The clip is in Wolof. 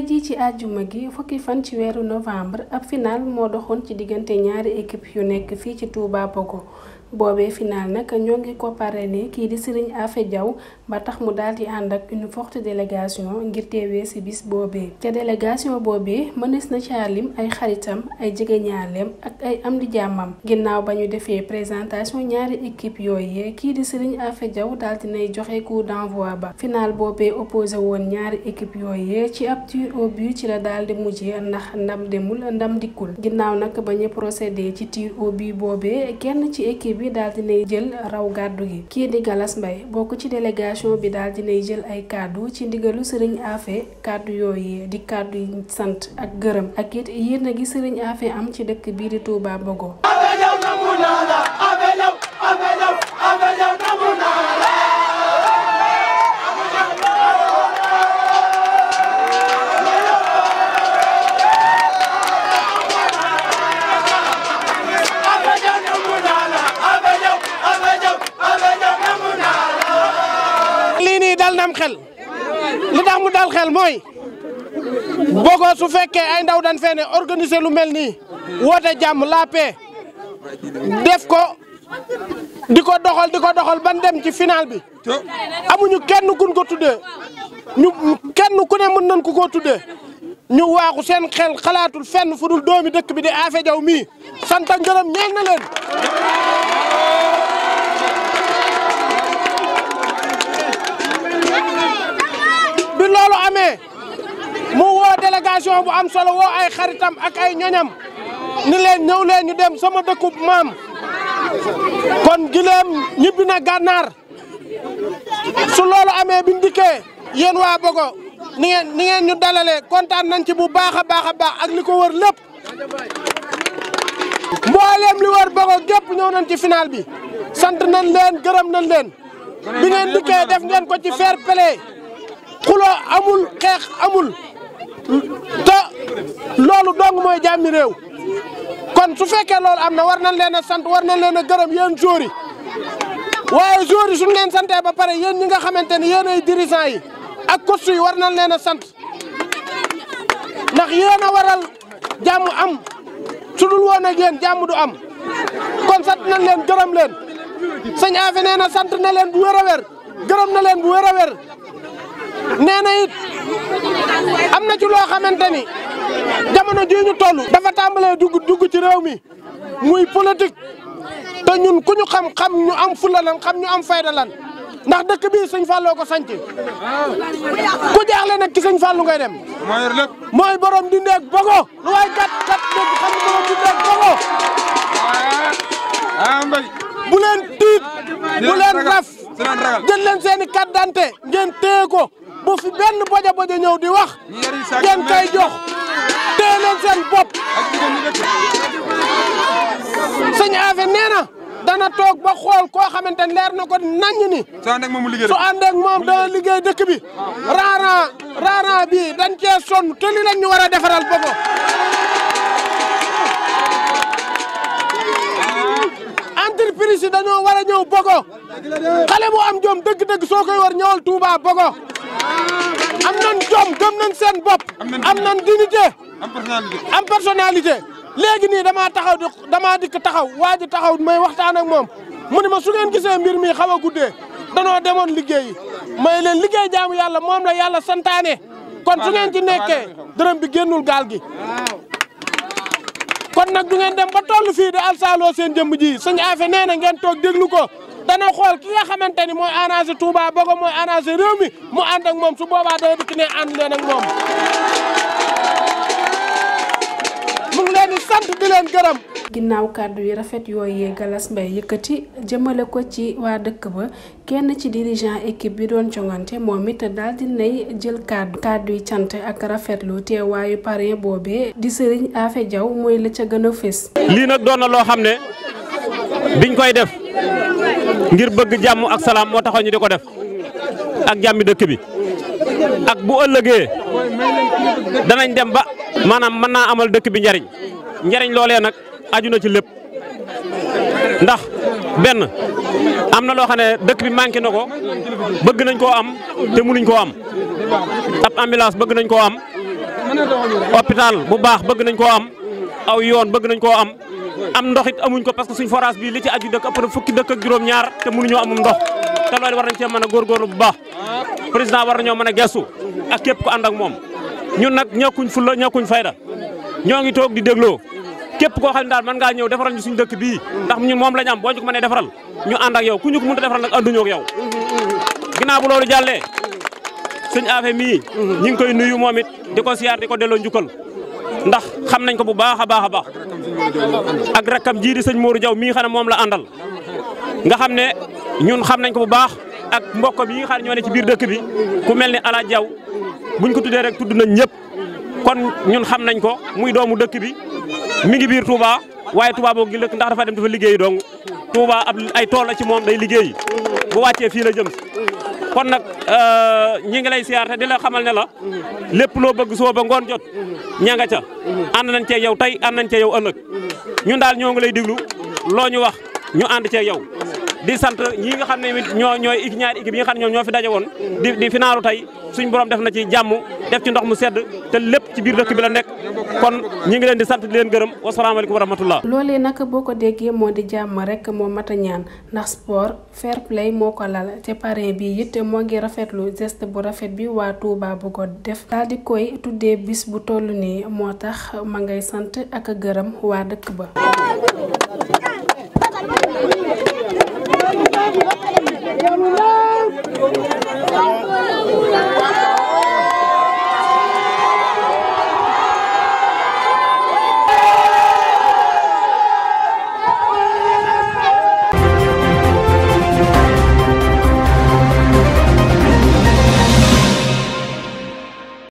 tey jii ci àjjuma gi fukki fan ci weeru novembre ab final moo doxoon ci diggante ñaari équipe yu nekk fii ci Touba Bogo boobee final nag ñoo ngi ko parrainé kii di Serigne Afe jaw ba tax mu daal di ànd ak une forte délégation ngir teewee ci bis boobee. ca délégation boobee mënees na caa lim ay xaritam ay jegeñaaleem ak ay am di jàmmam ginnaaw ba ñu defee présentation ñaari équipe yooyee kii di Serigne Afe Diaw daal di nay joxe coup d'envoi ba final boobee opposé woon ñaari équipe yooyee au but ci la daal di mujjee ndax ndam demul ndam dikkul ginnaaw nag ba ñu procédé ci tir au but boobee kenn ci équipe bi daal dinay jël raw gàddu gi kii di Galas Mbaye bokk ci délégation bi daal dinay jël ay kàddu ci ndigalu sëriñ Afe kàddu yooyu di kàddu yi sant ak gërëm ak it yéen a gi sëriñ Afe am ci dëkk bii di Touba Bogo li tax mu dal xel mooy Bogo su fekkee ay ndaw dan fee ne organiser lu mel nii woote jàmm la paix def ko di ko doxal di ko doxal ban dem ci final bi amuñu kenn kun ko tuddee ñu kenn ku ne mën nañ ko koo tuddee ñu waaxu sen xel xalaatul fenn fu dul doomi dëkk bi di Afé Diaw mii sant ak ngërëm na leen délégation bu am solo woo ak ay ñoñam leen ñëw leen ñu dem sama dëkkub maam kon gileem ñibbi na gànnaar su loolu amee biñ dikkee yéen waa Bogo ni ngeen ni ngeen ñu dalalee kontaan nañ ci bu baax a baax a baax ak li ko wër lépp mbooleem li wër Bogo gépp ñëw nañ ci final bi sant nañ leen gërëm nañ leen bi ngeen dikkee def ngeen ko ci fair play xuloo amul xeex amul te loolu dong mooy jàmmi réew kon su fekkee loolu am na war nañ leen sant war nañ leen a gërëm yéen jour yi waaye jour yi suñ leen santee ba pare yéen ñi nga xamante ne yéen ay dirigeants yi ak coach yi war nañ leen a sant ndax yéen a waral jàmm am su dul woon ak yéen jàmm du am kon sant nañ leen gërëm leen sëñ Afe nee na sant na leen bu wér a wér gërëm na leen bu wér a wér am na ci loo xamante ni jamono jii ñu toll dafa tàmbalee dugg dugg ci réew mi muy politique te ñun ku ñu xam xam ñu am fulla xam ñu am fayda ndax dëkk bii sëñ Fallou ko sanc ku jaaxle nag ci sëñ Fallou ngay dem mooy yor lépp mooy bogo lu waay kat kat dëgg xam nga borom dindeeg bogo a ah, ah, tiit bu raf jël leen seen i carte d'identité bu fi benn boja boja ñëw di wax ngeen kay jox téye leen bopp sëñ Afe nee dana toog ba xool koo xamante ne leer na ko naññ ni su ànd moom dana liggéey dëkk bi raaran raaran bi dañ cee sonn te li war a defaral boppam entreprise dañoo war a ñëw bogo xale bu am jom dëgg-dëgg soo koy war ñëwal bogo am nañ jom gëm nañ seen bopp. am nañ dignité am personnalité am nii damaa taxaw di damaa dikk taxaw waa ji taxaw may waxtaan ak moom mu ne ma su ngeen gisee mbir mi xaw a guddee danoo demoon liggéeyi may leen liggéey jaamu yàlla moom la yàlla sentaane kon su ngeen ci nekkee dërëm bi génnul gaal gi. kon nag du ngeen dem ba toll fii di alsaaloo seen jëmm ji sëñ Afe nee na ngeen toog déglu ko dana xool ki nga ni mooy arrangé Touba Bogo mooy arrangé réew mi mu ànd ak moom su boobaa day dikk ne ànd leen ak moom. mu ngi leen di sant di leen gërëm. ginnaaw kàddu yi rafet yooyu Galas Mbaye yëkkati jëmale ko ci waa dëkk ba kenn ci dirigeant équipe bi doon jongante moom it daal di nay jël kàddu yi cant ak rafetlu teewaayu parrain boobee di Serigne Afe Diaw mooy la ca gën a fés. lii nag doon na loo xam ne biñ koy def. ngir bëgg jàmm ak salaam moo taxoon ñu di ko def ak jàmmi dëkk bi ak bu ëllëgee danañ dem ba maanaam mën naa amal dëkk bi njariñ njariñ loolee nag aju na ci lépp ndax benn am na loo xam ne dëkk bi manqué na ko bëgg nañ koo am te mënuñ koo am ab ambulance bëgg nañ koo am hôpital bu baax bëgg nañ koo am aw yoon bëgg nañ koo am am ndox it amuñ ko parce que suñ forage bii li ci aju dëkk après fukki dëkk juróom-ñaar te mënuñoo amum ndox te loolu war nañ cee mën a góorgóorlu bu baax président war nañoo mën a gestu ak képp ko ànd ak moom ñun nag ñàkkuñ fulla ñàkkuñ fayda ñoo ngi toog di dégloo képp koo xam ne daal man ngaa ñëw defaral ñu suñu dëkk bii ndax ñun moom lañ am boo ñu ko mënee defaral ñu ànd ak yow ku ñu ko mënta defaral nag ànduñoo ak yow ginnaaw bu loolu jàllee suñ affaire mii ñi ngi koy nuyu moom it di ko siyaar di ko delloo njukkal ndax xam nañ ko bu baax a baax a baax ak rakkam jiiri sëñ Mourou Diaw mii xam ne moom la àndal nga xam ne ñun xam nañ ko bu baax ak mbokkam yi nga xam ne ñoo ne ci biir dëkk bi ku mel ni Ala jaw buñ ko tuddee rek tudd nañ ñëpp kon ñun xam nañ ko muy doomu dëkk bi mi ngi biir Touba waaye Touba boo gi lëkk ndax dafa dem dafa liggéey dong Touba ay tool la ci moom day liggéey bu wàccee fii la jëm kon nag euh, ñi ngi lay siyaar te di la xamal ne la lépp loo bëgg soo ba ngoon jot ña nga ca ànd nañ cee yow tey ànd nañ cee yow ëllëg ñun daal ñoo ngi lay diglu loo ñu wax ñu ànd cee yow di sant ñi nga xam ne ñoo ñooy ñaari équipe bi nga xam ne ñoom ñoo fi daje woon di di finaalu tey suñ borom def na ci jàmm def ci ndox mu sedd te lépp ci biir dëkk bi la nekk kon ñi ngi leen di sant di leen gërëm wasalaamaaleykum wa rahmatullah loolee nag boo ko déggee moo di jàmm rekk moo mat a ñaan ndax sport fair play moo ko lal te parrain bi it moo ngi rafetlu geste bu rafet bi waa tuuba bu ko def daal di koy tuddee bis bu toll nii moo tax ma ngay sant ak gërëm waa dëkk ba